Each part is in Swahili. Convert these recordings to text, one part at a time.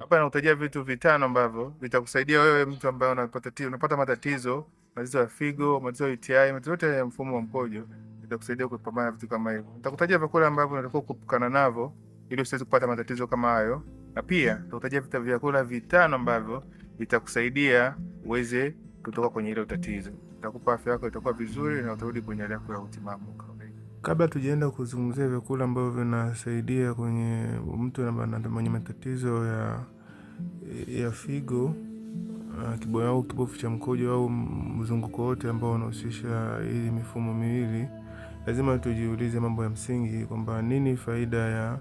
Hapa nakutajia vitu vitano ambavyo vitakusaidia wewe mtu ambaye unapata unapata matatizo, matatizo ya figo, matatizo ya UTI, matatizo yote ya mfumo wa mkojo, itakusaidia kupambana na vitu kama hivyo. Nitakutajia vyakula ambavyo unatakiwa kuepukana navyo ili usiweze kupata matatizo kama hayo, na pia nitakutajia vita vyakula vitano ambavyo vitakusaidia uweze kutoka kwenye ile tatizo. Nitakupa afya yako itakuwa vizuri na utarudi kwenye hali yako ya utimamu. Kabla tujaenda kuzungumzia vyakula ambavyo vinasaidia kwenye mtu mwenye matatizo ya figo eh, kiboya au kibofu cha mkojo au mzunguko wote ambao unahusisha hii mifumo miwili, lazima tujiulize mambo ya msingi kwamba nini faida ya,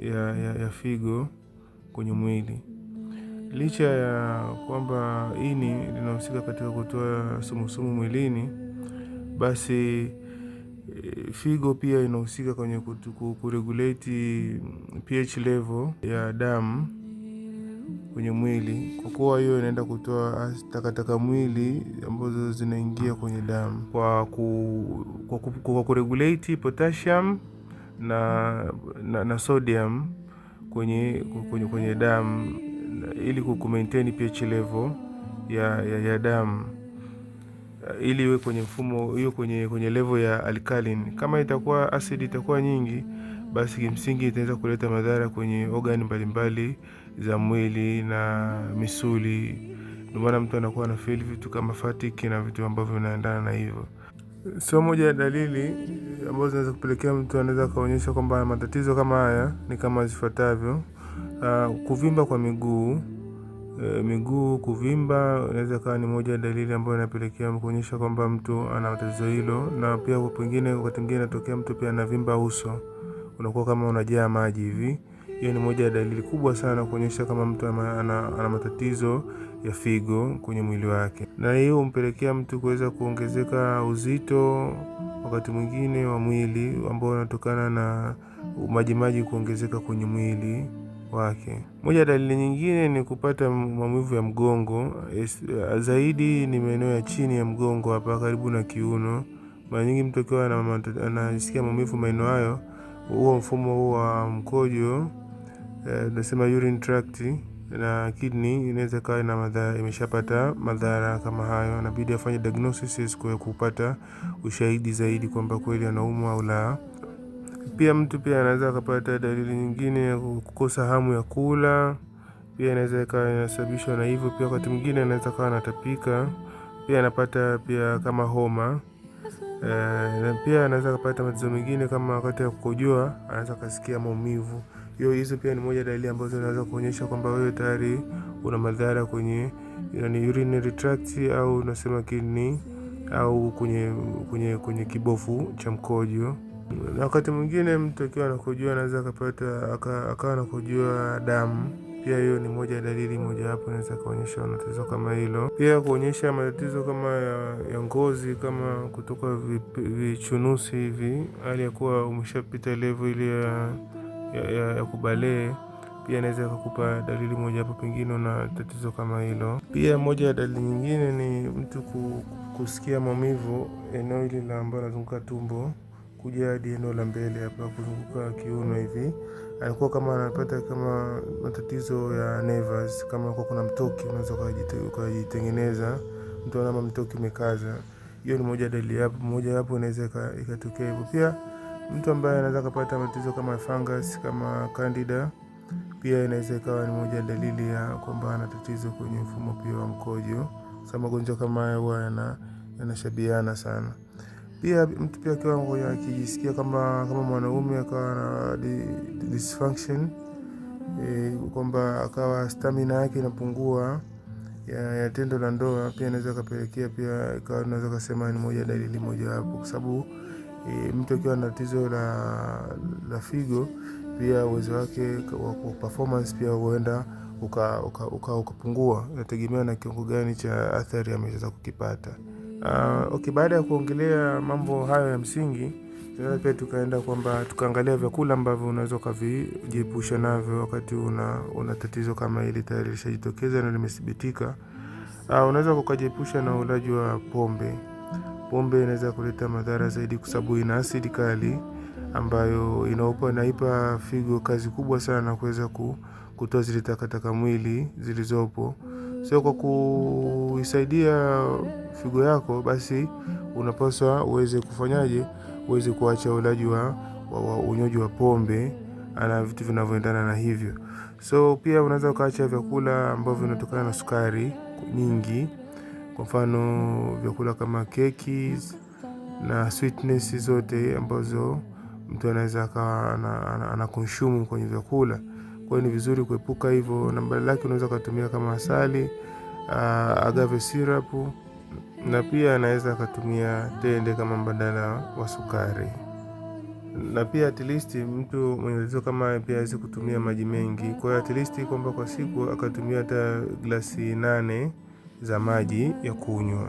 ya, ya, ya figo kwenye mwili. Licha ya kwamba ini linahusika katika kutoa sumusumu mwilini, basi Eh, figo pia inahusika kwenye kuregulate pH level ya damu kwenye mwili, kwa kuwa hiyo inaenda kutoa takataka mwili ambazo zinaingia kwenye damu kwa, ku, kwa, ku, kwa kuregulate potassium na, na, na sodium kwenye, kwenye, kwenye damu ili maintain pH level ya, ya, ya damu. Eh, ili iwe kwenye mfumo hiyo kwenye, kwenye level ya alkaline. Kama itakuwa asidi itakuwa nyingi, basi kimsingi itaweza kuleta madhara kwenye organ mbalimbali za mwili na misuli. Ndio maana mtu anakuwa na feel vitu kama fatigue na vitu ambavyo vinaendana na hivyo. So moja ya dalili ambazo zinaweza kupelekea mtu anaweza kaonyesha kwamba matatizo kama haya ni kama zifuatavyo: uh, kuvimba kwa miguu Eh, miguu kuvimba inaweza kawa ni moja ya dalili ambayo inapelekea kuonyesha kwamba mtu ana tatizo hilo, na pia pengine wakati mwingine inatokea mtu pia anavimba uso, unakuwa kama unajaa maji hivi. Hiyo ni moja ya dalili kubwa sana kuonyesha kama mtu ana, ana, ana matatizo ya figo kwenye mwili wake, na hiyo humpelekea mtu kuweza kuongezeka uzito wakati mwingine wa mwili ambao unatokana na majimaji kuongezeka kwenye mwili wake. Moja ya dalili nyingine ni kupata maumivu ya mgongo, zaidi ni maeneo ya chini ya mgongo hapa karibu na kiuno. Mara nyingi mtu akiwa anasikia maumivu maeneo hayo, huo mfumo huo wa mkojo e, tunasema urine tract na kidney inaweza kawa na madhara, imeshapata madhara kama hayo, inabidi afanye diagnosis kwa kupata ushahidi zaidi kwamba kweli anaumwa au la. Pia mtu pia anaweza akapata dalili nyingine ya kukosa hamu ya kula, pia inaweza ikawa inasababishwa na hivyo. Pia wakati mwingine anaweza kawa anatapika, pia anapata pia kama homa eh, na e, pia anaweza akapata matatizo mengine kama wakati ya kukojoa anaweza akasikia maumivu. Hiyo hizo pia ni moja dalili ambazo inaweza kuonyesha kwamba wewe tayari una madhara kwenye yani urinary tract au unasema kini au kwenye, kwenye, kwenye kibofu cha mkojo. Na wakati mwingine mtu akiwa anakojoa anaweza akapata akawa anakojoa damu pia hiyo ni moja ya dalili mojawapo inaweza kaonyesha una tatizo kama hilo. Pia kuonyesha matatizo kama ya ngozi kama kutoka vichunusi hivi, hali ya kuwa umeshapita levo ile ya, ya, ya, ya kubalee pia inaweza akakupa dalili moja wapo pengine una tatizo kama hilo. Pia moja ya dalili nyingine ni mtu kusikia maumivu eneo hili la ambayo anazunguka tumbo kuja hadi eneo la mbele hapa kuzunguka kiuno hivi. Alikuwa kama anapata kama matatizo ya nerves, kama kwa kuna mtoki unaweza ukajitengeneza, mtu anaona mtoki umekaza. Hiyo ni moja dalili hapo, moja hapo inaweza ikatokea hivyo. Pia mtu ambaye anaweza kupata matatizo kama fungus kama candida pia inaweza ikawa ni moja dalili ya kwamba ana tatizo kwenye mfumo pia wa mkojo. Sasa magonjwa kama haya huwa yanashabiana sana. Pia mtu pia kiwango akijisikia kama, kama mwanaume akawa na dysfunction e, kwamba akawa stamina yake inapungua ya, ya tendo la ndoa, pia inaweza kapelekea pia, naweza kasema ni moja dalili mojawapo, kwa sababu e, mtu akiwa na tatizo la, la figo pia uwezo wake wa performance pia huenda ukapungua uka, uka, uka inategemea na kiungo gani cha athari ameweza kukipata. Uh, okay, baada ya kuongelea mambo hayo ya msingi sasa pia tukaenda kwamba tukaangalia vyakula ambavyo unaweza ukavijiepusha navyo wakati una, una tatizo kama hili tayari lishajitokeza na limethibitika. Uh, unaweza ukajiepusha na ulaji wa pombe. Pombe inaweza kuleta madhara zaidi kwa sababu ina asidi kali ambayo inaupa inaipa figo kazi kubwa sana kuweza kutoa zile takataka mwili zilizopo sio kwa kuisaidia figo yako, basi unapaswa uweze kufanyaje, uweze kuacha ulaji wa, wa, wa unywaji wa pombe na vitu vinavyoendana na hivyo. So pia unaweza ukaacha vyakula ambavyo vinatokana na sukari nyingi, kwa mfano vyakula kama keki na sweetness zote ambazo mtu anaweza akawa anakonsumu kwenye vyakula. Kwa hiyo ni vizuri kuepuka hivyo, na badala yake unaweza ukatumia kama asali uh, agave syrup na pia anaweza akatumia tende kama mbadala wa sukari. Na pia at least mtu mwenye tatizo kama pia aweze kutumia maji mengi. Kwa at least kwamba kwa siku akatumia hata glasi nane za maji ya kunywa.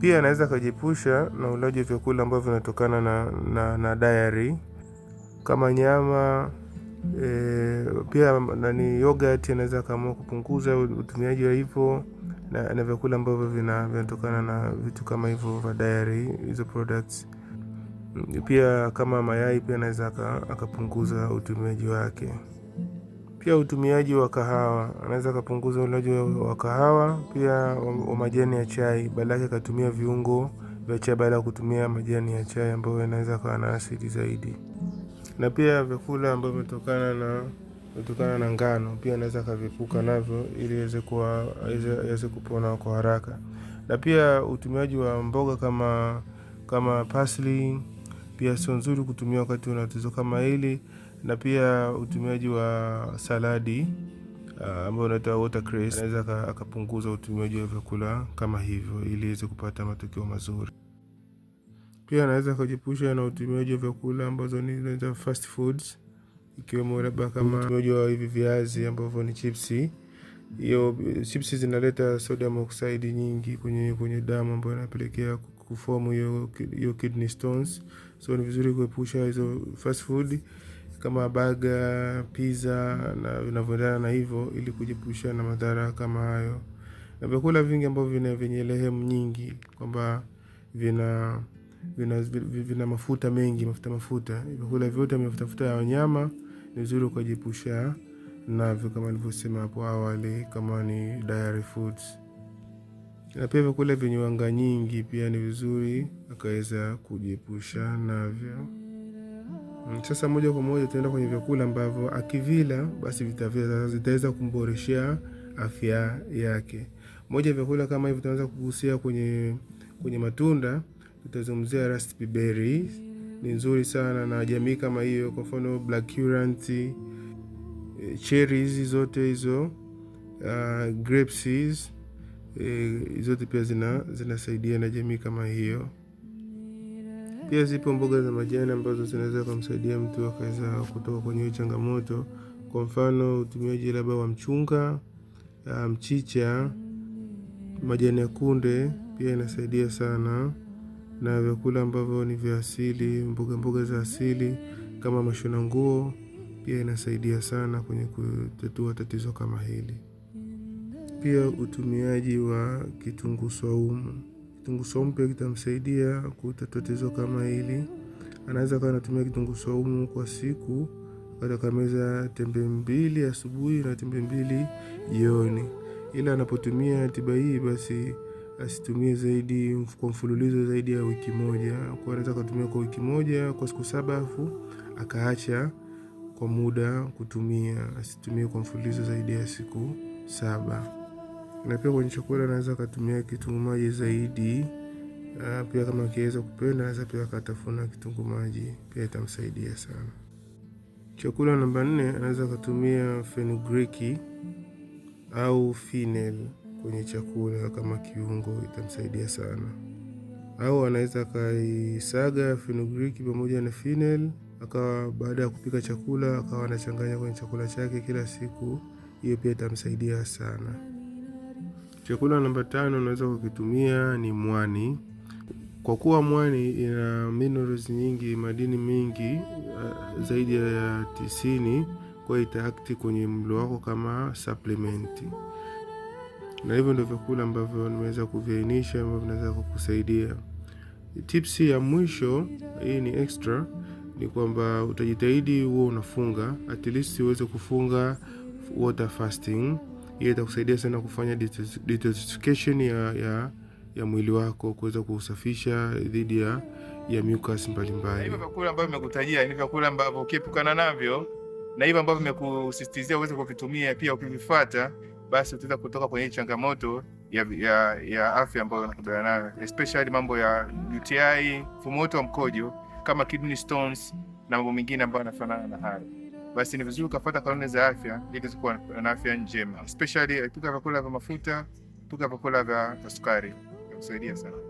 Pia anaweza akajiepusha na ulaji wa vyakula ambavyo vinatokana na, na, na diary kama nyama E, pia nani yogurt anaweza kaamua kupunguza utumiaji wa hivyo na, na vyakula ambavyo vinatokana na vitu kama hivyo vya dairy hizo products. Mm, pia kama mayai pia anaweza akapunguza utumiaji wake. Pia utumiaji wa kahawa, anaweza akapunguza ulaji wa kahawa, pia wa majani ya chai, badala yake akatumia viungo vya chai badala ya kutumia majani ya chai ambayo yanaweza kawa na asidi zaidi na pia vyakula ambavyo vimetokana na kutokana na ngano pia anaweza akavipuka navyo ili aweze kupona kwa haraka, na pia utumiaji wa mboga kama kama parsley pia sio nzuri kutumia wakati una tatizo kama hili, na pia utumiaji wa saladi ah, ambayo unaitwa watercress anaweza akapunguza utumiaji wa vyakula kama hivyo ili iweze kupata matokeo mazuri. Pia anaweza kujiepusha na utumiaji wa vyakula ambazo ni za fast foods, ikiwemo labda kama utumiaji wa hivi viazi ambavyo ni chipsi. Hiyo chipsi zinaleta sodium oxide nyingi kwenye kwenye damu ambayo inapelekea kuform hiyo kidney stones. So ni vizuri kuepusha hizo fast food kama baga pizza na vinavyoendana na hivyo, ili kujiepusha na madhara kama hayo. Na vyakula vingi ambavyo vina vyenye lehemu nyingi kwamba vina vina, vina mafuta mengi, mafuta mafuta. Vyakula vyote vina mafuta ya wanyama ni vizuri ukajiepusha navyo, kama nilivyosema hapo awali, kama ni dairy foods. Na pia vyakula vyenye wanga nyingi pia ni vizuri akaweza kujiepusha navyo. Mm, sasa moja kwa moja tunaenda kwenye vyakula ambavyo akivila basi vitaweza kumboreshea afya yake. Moja ya vyakula kama hivyo tunaweza kugusia kwenye, kwenye matunda Nitazungumzia raspberry ni nzuri sana na jamii kama hiyo, kwa mfano blackcurrant, eh, cherry, hizi zote hizo, uh, grapes e, zote pia zina zinasaidia na jamii kama hiyo. Pia zipo mboga za majani ambazo zinaweza kumsaidia mtu akaweza kutoka kwenye hiyo changamoto, kwa mfano utumiaji labda wa mchunga, ah, mchicha, majani ya kunde pia inasaidia sana na vyakula ambavyo ni vya asili, mboga mboga za asili kama mashona nguo, pia inasaidia sana kwenye kutatua tatizo kama hili. Pia utumiaji wa kitunguu swaumu, kitunguu swaumu pia kitamsaidia kutatua tatizo kama hili. Anaweza kawa anatumia kitunguu swaumu kwa siku atakameza tembe mbili asubuhi na tembe mbili jioni, ila anapotumia tiba hii basi asitumie zaidi kwa mfululizo zaidi ya wiki moja. Kwa anaweza akatumia kwa wiki moja kwa siku saba afu akaacha kwa muda kutumia, asitumie kwa mfululizo zaidi ya siku saba. Na pia kwenye chakula anaweza akatumia kitunguu maji zaidi. Ah, pia kama akiweza kupenda anaweza pia akatafuna kitunguu maji, pia itamsaidia sana. Chakula namba nne anaweza akatumia fenugreek au fennel kwenye chakula kama kiungo itamsaidia sana, au anaweza akaisaga fenugreek pamoja na fennel, akawa baada ya kupika chakula akawa anachanganya kwenye chakula chake kila siku. Hiyo pia itamsaidia sana. Chakula namba tano unaweza kukitumia ni mwani. Kwa kuwa mwani ina minerals nyingi, madini mengi eh, zaidi ya tisini, kwa itaakti kwenye mlo wako kama supplement na hivyo ndio vyakula ambavyo nimeweza kuviainisha ambavyo vinaweza kukusaidia. Tipsi ya mwisho hii ni extra, ni kwamba utajitahidi huo unafunga, at least uweze kufunga water fasting. Hiyo itakusaidia sana kufanya detoxification ya, ya, ya mwili wako kuweza kusafisha dhidi ya, ya mucus mbalimbali. Hivyo vyakula ambavyo nimekutajia ni vyakula ambavyo ukiepukana navyo na hivyo ambavyo nimekusisitizia uweze kuvitumia pia ukivifuata basi utaweza kutoka kwenye changamoto ya, ya, ya afya ambayo unakabiliana nayo, especially mambo ya UTI, mfumo wote wa mkojo kama kidney stones na mambo mengine ambayo yanafanana na hayo. Basi ni vizuri ukafuata kanuni za afya ili kuwa na afya njema, especially epuka vyakula vya mafuta, epuka vyakula vya sukari, kusaidia sana.